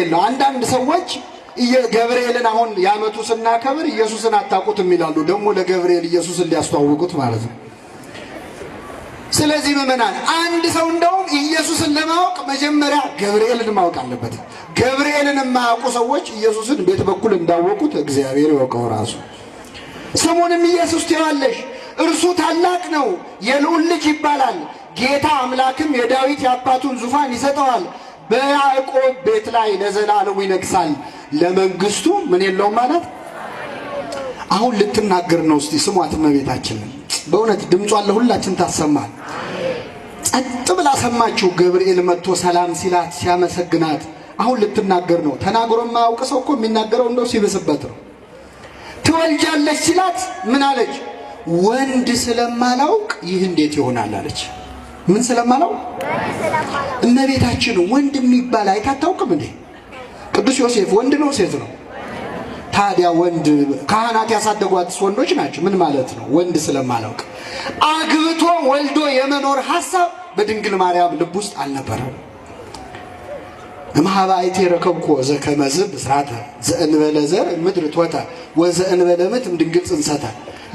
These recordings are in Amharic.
የለው። አንዳንድ ሰዎች ገብርኤልን አሁን የዓመቱ ስናከብር ኢየሱስን አታውቁትም ይላሉ። ደግሞ ለገብርኤል ኢየሱስን ሊያስተዋውቁት ማለት ነው። ስለዚህ ምዕመናን አንድ ሰው እንደውም ኢየሱስን ለማወቅ መጀመሪያ ገብርኤልን ማወቅ አለበት። ገብርኤልን የማያውቁ ሰዎች ኢየሱስን ቤት በኩል እንዳወቁት እግዚአብሔር ይወቀው ራሱ። ስሙንም ኢየሱስ ትይዋለሽ፣ እርሱ ታላቅ ነው፣ የልዑል ልጅ ይባላል። ጌታ አምላክም የዳዊት የአባቱን ዙፋን ይሰጠዋል በያዕቆብ ቤት ላይ ለዘላለሙ ይነግሳል፣ ለመንግስቱ ምን የለውም ማለት። አሁን ልትናገር ነው። እስቲ ስሟት መቤታችን በእውነት ድምጿን ለሁላችን ታሰማ። ጸጥ ብላ ሰማችሁ። ገብርኤል መጥቶ ሰላም ሲላት ሲያመሰግናት፣ አሁን ልትናገር ነው። ተናግሮ ማያውቅ ሰው እኮ የሚናገረው እንደው ሲብስበት ነው። ትወልጃለች ሲላት ምን አለች? ወንድ ስለማላውቅ ይህ እንዴት ይሆናል አለች። ምን ስለማለው እመቤታችን ወንድ የሚባል አይታታውቅም እንዴ? ቅዱስ ዮሴፍ ወንድ ነው ሴት ነው? ታዲያ ወንድ ካህናት ያሳደጓት ወንዶች ናቸው። ምን ማለት ነው? ወንድ ስለማላውቅ አግብቶ ወልዶ የመኖር ሀሳብ በድንግል ማርያም ልብ ውስጥ አልነበረም። እምሃበ አይቴ ረከብኮ ዘከመዝብ ስራተ ዘእንበለ ዘር ምድር ትወተ ወዘእንበለ ድንግል ጽንሰታ።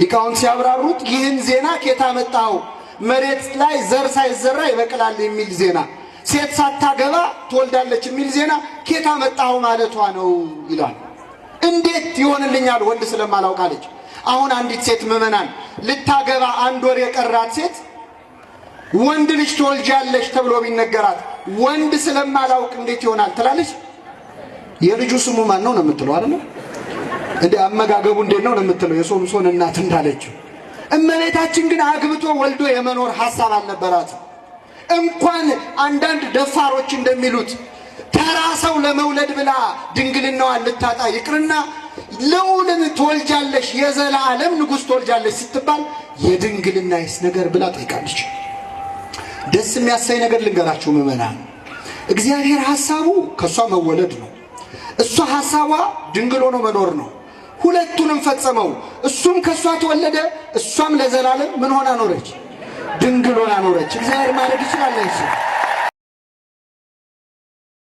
ሊቃውንት ሲያብራሩት ይህን ዜና ኬታ መጣው መሬት ላይ ዘር ሳይዘራ ይበቅላል የሚል ዜና፣ ሴት ሳታገባ ትወልዳለች የሚል ዜና ኬታ መጣሁ ማለቷ ነው ይሏል። እንዴት ይሆንልኛል ወንድ ስለማላውቃለች። አሁን አንዲት ሴት ምዕመናን ልታገባ አንድ ወር የቀራት ሴት ወንድ ልጅ ትወልጃለች ተብሎ ቢነገራት ወንድ ስለማላውቅ እንዴት ይሆናል ትላለች። የልጁ ስሙ ማን ነው ነው የምትለው አይደል? እንደ አመጋገቡ እንዴት ነው ነው የምትለው የሶምሶን እናት እንዳለችው እመቤታችን ግን አግብቶ ወልዶ የመኖር ሀሳብ አልነበራት። እንኳን አንዳንድ ደፋሮች እንደሚሉት ተራ ሰው ለመውለድ ብላ ድንግልናዋን ልታጣ ይቅርና ልዑልን ትወልጃለሽ፣ የዘላለም ንጉሥ ትወልጃለሽ ስትባል የድንግልናይስ ነገር ብላ ጠይቃለች። ደስ የሚያሳይ ነገር ልንገራችሁ ምዕመናን፣ እግዚአብሔር ሀሳቡ ከእሷ መወለድ ነው። እሷ ሀሳቧ ድንግል ሆኖ መኖር ነው። ሁለቱንም ፈጸመው። እሱም ከእሷ ተወለደ፣ እሷም ለዘላለም ምን ሆና ኖረች? ድንግል ሆና ኖረች።